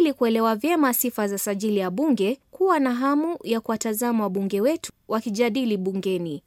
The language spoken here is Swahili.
Ili kuelewa vyema sifa za sajili ya bunge, kuwa na hamu ya kuwatazama wabunge wetu wakijadili bungeni.